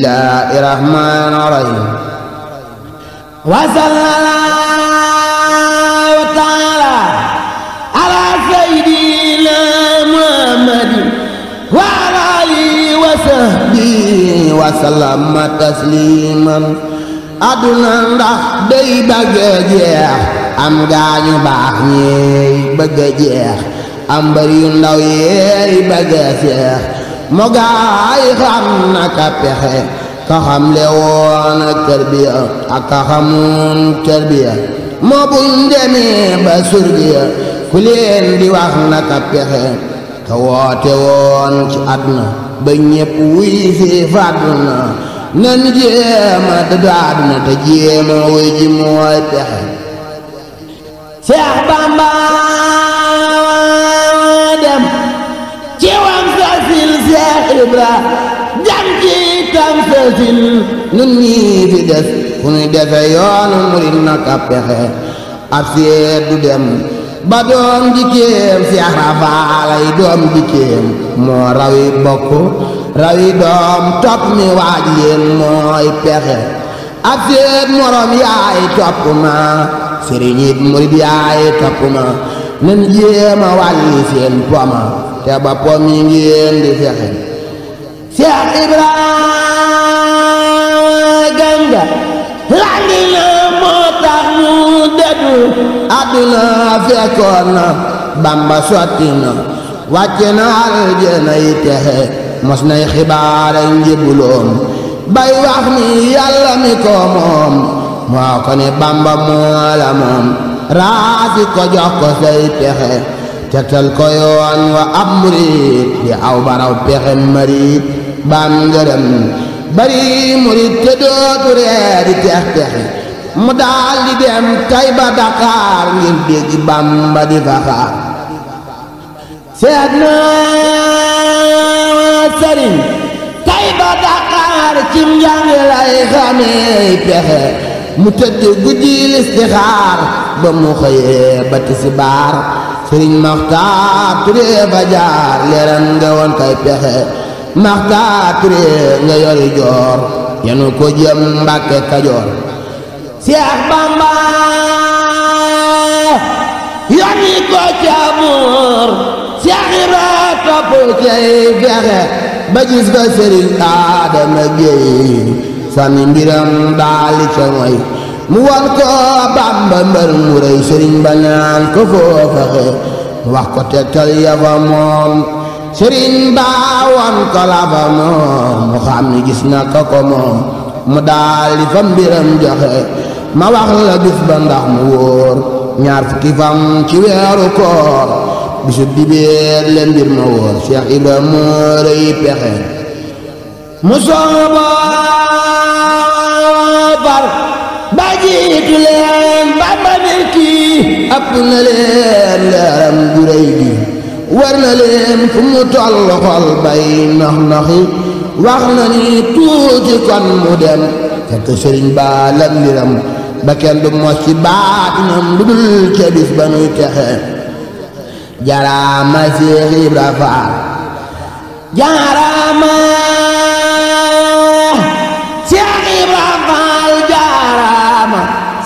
لا الرحمن الرحيم وصلى الله تعالى على سيدنا محمد وعلى اله وصحبه وسلم تسليما àdduna ndax day bëgg a jeex am gaañu baax ñi bëgg a jeex am bari yu ndaw yi bëgg a jeex mu gaay xam na pexe ka xam le woon ak tarbiya ak ka xamun tarbiya moo buñ demee ba surgiya ku leen di wax na pexe ka woote woon ci àdduna ba ñépp wuy fi fàdduna nan jéema te daaduna te jéema wuy mooy pexe Seex Bamba Seex Ibra jam ci tamsasin nun ñii fi des fu nuy defe yoonu murit naka pexe ab seet du dem ba doom jikkéem Seex Rafaalay doom jikkéem moo rawi bokk rawi doom topp mi waaj yéen mooy pexe ab seet morom yaay topp ma sëriñit murit yaay topp ma nan jéema wàlli seen poma te boppam yi ngeen di fexe Cheikh Ibrahima Ganga landi na moo tax ñu dëddu àdduna na Bamba sotti na wàcce na texe mos nay xibaara njëbuloom bay wax ni yàlla mi ko moom moo ko ne Bamba moo moom raasi ko jox ko say texe tegtal ko yoon wa ab murit di aw baraw pexem marit baam ngërëm bari murit te dootu ree di tex texi mu daal di dem tay ba Dakar ngir dégg Bàmba di fa xaar seet naa sëriñ tay ba Dakar ci njàng lay xamee pexe mu tëdd guddi listixaar ba mu xëyee ba tisibaar sëriñ Maxtaar Ture fa jaar leeral nga woon pexe Maxtaar Ture nga yori joor yenu ko jëm Mbàkke Kajoor Seex Bamba yoni ko caamur Seex Ibra topp cay fexe ba gis ko sëriñ Adama Géey sànni mbiram daali ca moy mu wan ko Bàmba mbër mu rëy sëriñ ba naan ko foo fexe wax ko tegtal ya fa moom sëriñ ba wan ko la fa moom mu xam ni gis na ko ko moom mu daal fa mbiram joxe ma wax la bis ba ndax mu wóor ñaar fukki fam ci weeru koor bisu dibeer leen mbir ma wóor Cheikh Ibra moo rëy pexe mu sooba far jiitu gu rëy gi war na leen fu ci baatinam ba nuy texe jaraama Seex Ibra jaraama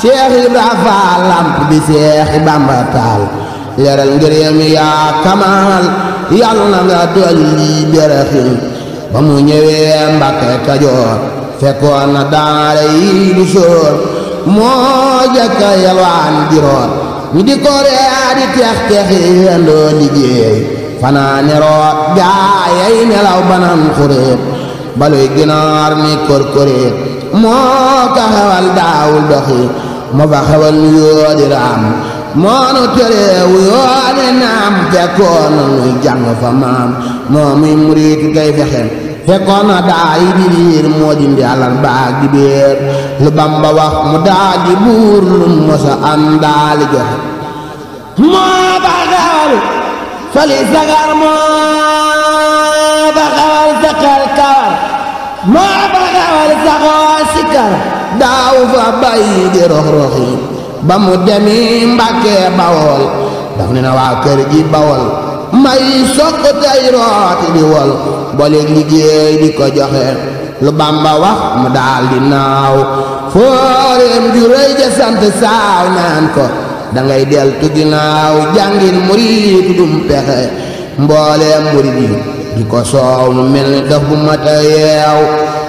Seex Ibra Faal lamp bi Seex Bamba taal leeral yaa kamaal yàlla na nga dolli beraxin ba mu ñëwee Mbàkke Kajoor fekkoon na daara yi du soor moo jëkka yalwaan jiroon ñi di ko tex texi yendoo liggéey fanaane gaayay nelaw banan xuréet baluy ginaar mi korkoréet moo ka xewal daawul doxi mu ba xawal nu yoo di raam moonu tereewu yoo di naam fekkoon na nuy jàng fa maam moo muy muriitu kay fexen fekkoon na daa di liir moo dindi alal baag di béer lu Bamba wax mu daa di lu mosa am daa li joxe ba xawal fali sagar moo ba xawal sakal kaw moo baxawal saxoo sikkar daaw fa bàyyi di rox ba mu demi mbàkkee bawol daf ne na waa kër gi bawol may sokk tey rooti di wol boleeg liggéey di ko joxe lu bamba wax mu daal di naaw fooreem ju rëy ja sant naan ko da ngay del tu ginaaw jàngil murit dum pexe mbooleem murit yi di ko soow mu mel ni dof bu mat yeew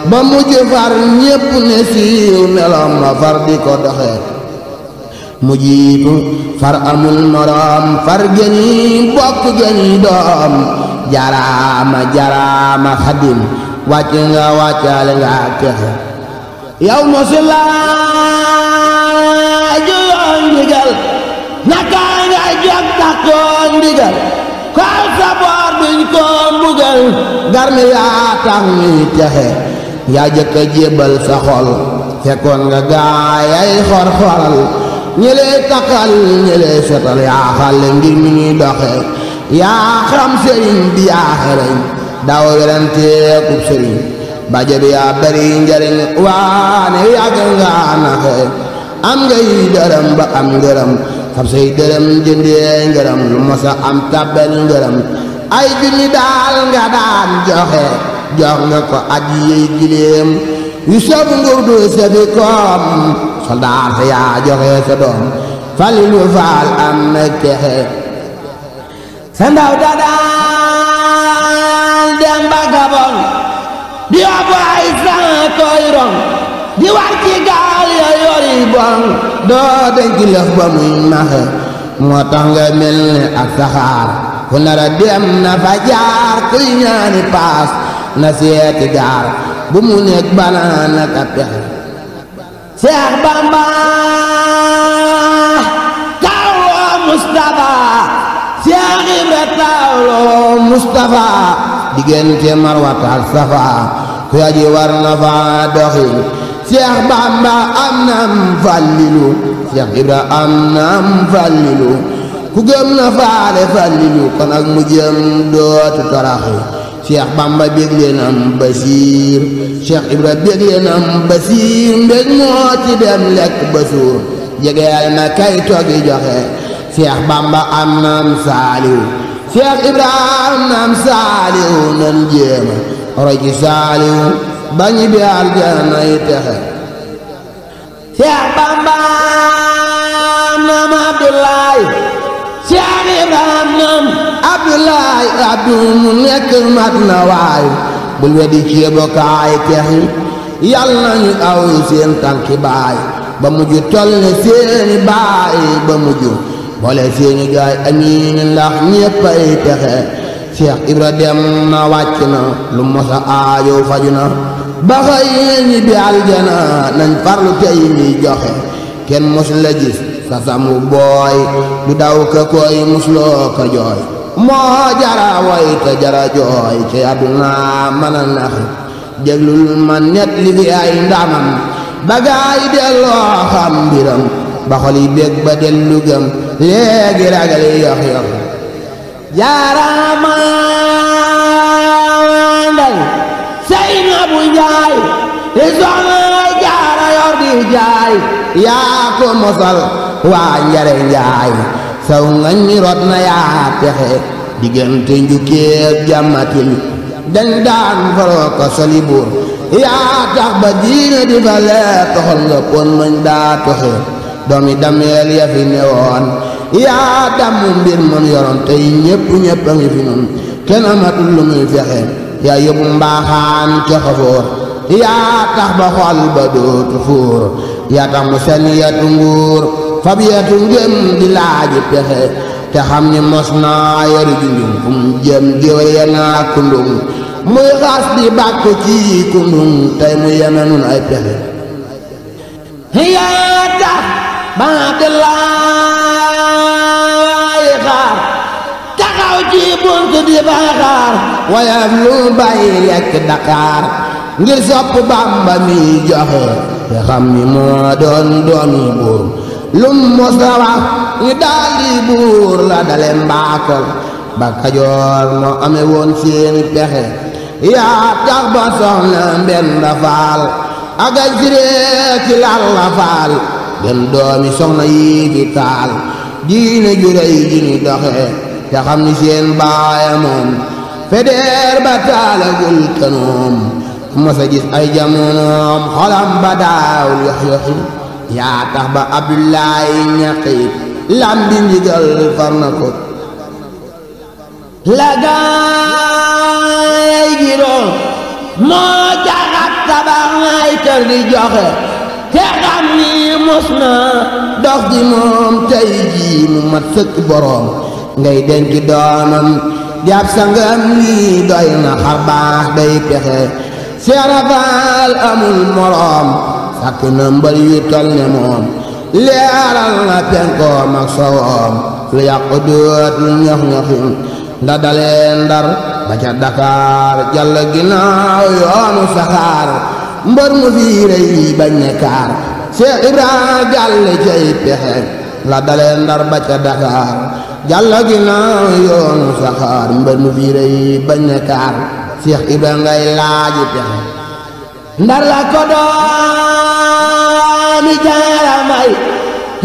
ba mujj far ñépp ne siiw meloom ma far di ko doxe mu jiitu far amul moroom far geni bokk geni doom jaraama jaraama xadim wàcc nga wàccaale nga kexe yow mosu laa juyoon ndigal naka nga jog takkoo ndigal saay saboor duñ ko mbugal garmi yaa tax ñuy texe yaa jëkk a jébal sa xol fekkoon nga gaayay xor-xoral ñi lay taqal setal yaa xale ngir mi ñuy doxe yaa xam sëriñ bi yaa xereñ daw weranteekub sëriñ baje bi yaa bari njariñ waane yàgg nga naxe am ngay dërëm ba am ngërëm ab say dërëm jëndee lu mosa am tàbbal ngërëm ay junni daal nga daan joxe jox nga ko aj yey gileem yu soobu ngur du safi koom soldaar sa yaa joxe sa doom falilu faal am na texe sa ndaw da daan dem ba di yóbbu ay sang koy di war gaal yooyu muy bon doo denc lëf ba muy max moo tax nga mel ne ak saxaar fu nar dem na fa jaar kuy ñaani paas na seeti gaar bu mu nekk banaan ak a pex Seex Bamba kawloo Mustafa Seex Ibra kawloo Mustafa diggante Marwata ak Safa ku aji war na fa doxi Seex Bamba am naam Fallilu Seex Ibra am naam Fallilu ku gëm na faale Fallilu kon mu jëm dootu toraxu Seex Bamba bég leen am Basiir Seex Ibra bég leen am Basiir mbég moo ci dem lekk ba jegeel na kay toggi joxe Seex Bamba am naam Saaliw Seex Ibra am naam Saaliw nan jéema roy ci Saaliw ba bi aljana yi texe Seex Bamba nam Abdoulaye Seex Ibrahima nam Abdoulaye Abdu mu nekk mat na waay bul wedi ceebokaay texi yàlla nañu aw seen tànki baay ba mujj toll ne seeni baay ba mujj boole seeni gaay amiin ndax ñépp ay texe Cheikh Ibra dem na wàcc na lu mosa aajo faju na ba xëy bi aljana nañ farlu tey ñuy joxe kenn mos la gis sa samu booy du daw ka koy musloo jooy moo jara woy jara jooy ci àdduna mën nax déglul ma net li fi ay ndamam ba delloo xam mbiram ba bég ba dellu gëm léegi ragal yox yox jaaraama wandal Seynabu Njaay i soxna jaara yor di jaay yaa ko mosal waa njare njaay saw nga ñi rot na yaa texe diggante njukkeeb jàmmatil dañ daan faroo ko soli yaa tax ba diina di fa leer nga kon daa toxe doomi dameel ya fi newoon yaa damm mbir man yoroon tey ñépp ñépp fi nun kenn amatul lu muy fexe yaa yóbbu mbaaxaan ca xafoor yaa tax ba xol ba dootu fuur yaa tax mu sen yetu nguur fab yetu ngém di laaji pexe te xam ni mos naa yaru junjum fu mu jëm jiwe yenaa kundum muy xaas di bàkk ci kundum tey mu yena nun ay pexe yaa tax ba de laa wa ci buntu di baaxaar wayaf lu bàyyi lekk Dakar ngir sopp Bàmba mi joxe te xam moo doon dooni buur lum mosa wax ñu daal buur la dale mbaakal ba Kajoor moo amee woon seeni pexe yaa tax ba soxna Mbenda Faal ak ay siree faal den doomi soxna yi di taal diine ju rëy doxe te xam ni seen baaya moom feder ba taalagul kanoom mos a gis ay jamonoom xolam ba daawul yox yoxi yaa tax ba abdullahi ñaqib lam bi far na ko la gaay gi doon moo jaxat tabax ay kër di joxe te xam ni mos na dox di moom tey jii mu mat sëkk boroom ngay denc doomam di ab sangam lii doy na xar day pexe seerafaal amul moroom sàkk na mbër yu tol ne moom leeral na penkoom ak sowoom lu yàqu dootul ñox ñoxi nda dalee ndar ba ca jàll ginnaaw yoonu saxaar mbër mu fii rëy bañ ne kaar Seex Ibra jàll cay pexe la dalee ndar ba ca jàlla ginnaaw yoonu saxaar mbër mu fiire yi bañ na kaar Seex Ibra ngay laaji pex ndar la ko doomi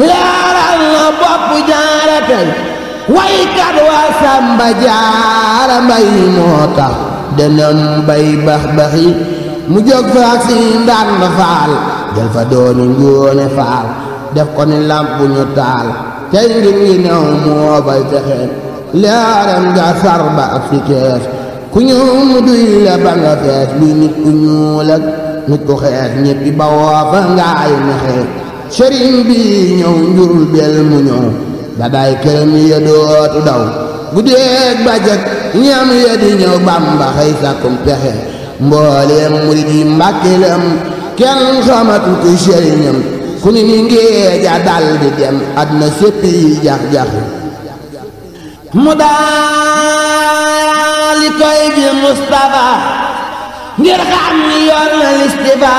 leeral na bopp jaara tey waykat wa sàmba jaara moo tax denam bay bax-baxi mu jóg faak si ndar na faal jël fa dooni ngóone faal def ko ni taal tey mbir mi néew moo bay texeel leeram nga far ba ak si kees ku ñëw mu duy la ba nga fees li nit ku ñuul nit ku xees ñëppi ba woo fa ngaay mexee sëriñ bi ñëw njurul bel mu ñëw da day këram ya dootu daw guddeeg bajak ñam ya di ñëw bàmba xëy sàkkum pexe mbooleem murid yi mbàkkilam kenn xamatu ku sëriñam ku ni ni ngeeja dal di dem àdduna sépp yi jax-jax mu daal koy bi Moustapha ngir xam ni yoon na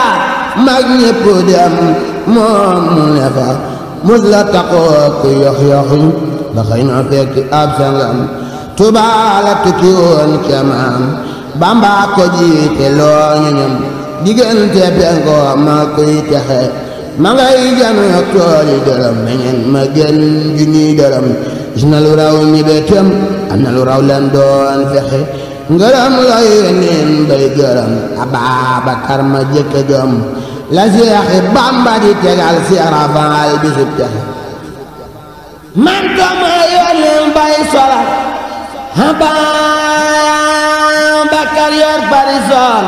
mag ñëpp dem moom mu ne fa mus la taxoo ku yox yoxi la xëy fekk ab sangam Tuubaa la tukki woon camaam Bamba ko jiite loo ñu ñam diggante penko ma kuy texe ma ngay janoo tooli dërëm meñen ma gën junniy dërëm gis na lu raw ñi betem am na raw leen doon fexe ngërëm lay yeneen bay gërëm Ababakar ma jëkk gëm la seexi Bàmba di tegal Seex Rafaal bisub texe man ko ma yónneen bay sola Ababakar yor bari sol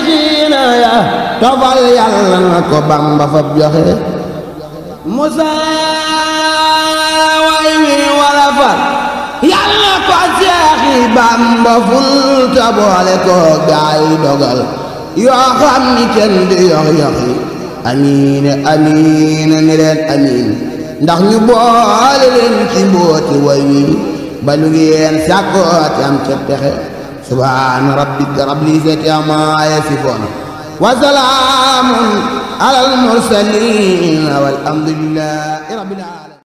diina ya tofal yàlla na ko bamba fab joxe wala far yàlla ko seexi bamba ful ta ko gaay dogal yoo xam ni kenn yoxi amiina amiina ni leen amiin ndax ñu boole leen ci mbooti way ba lu ngeen sàkkooti am ca subhaana rabbika rabbil izzati ammaa yasifuun wa salaamun alal mursaliin wal hamdu lillaahi rabbil aalamiin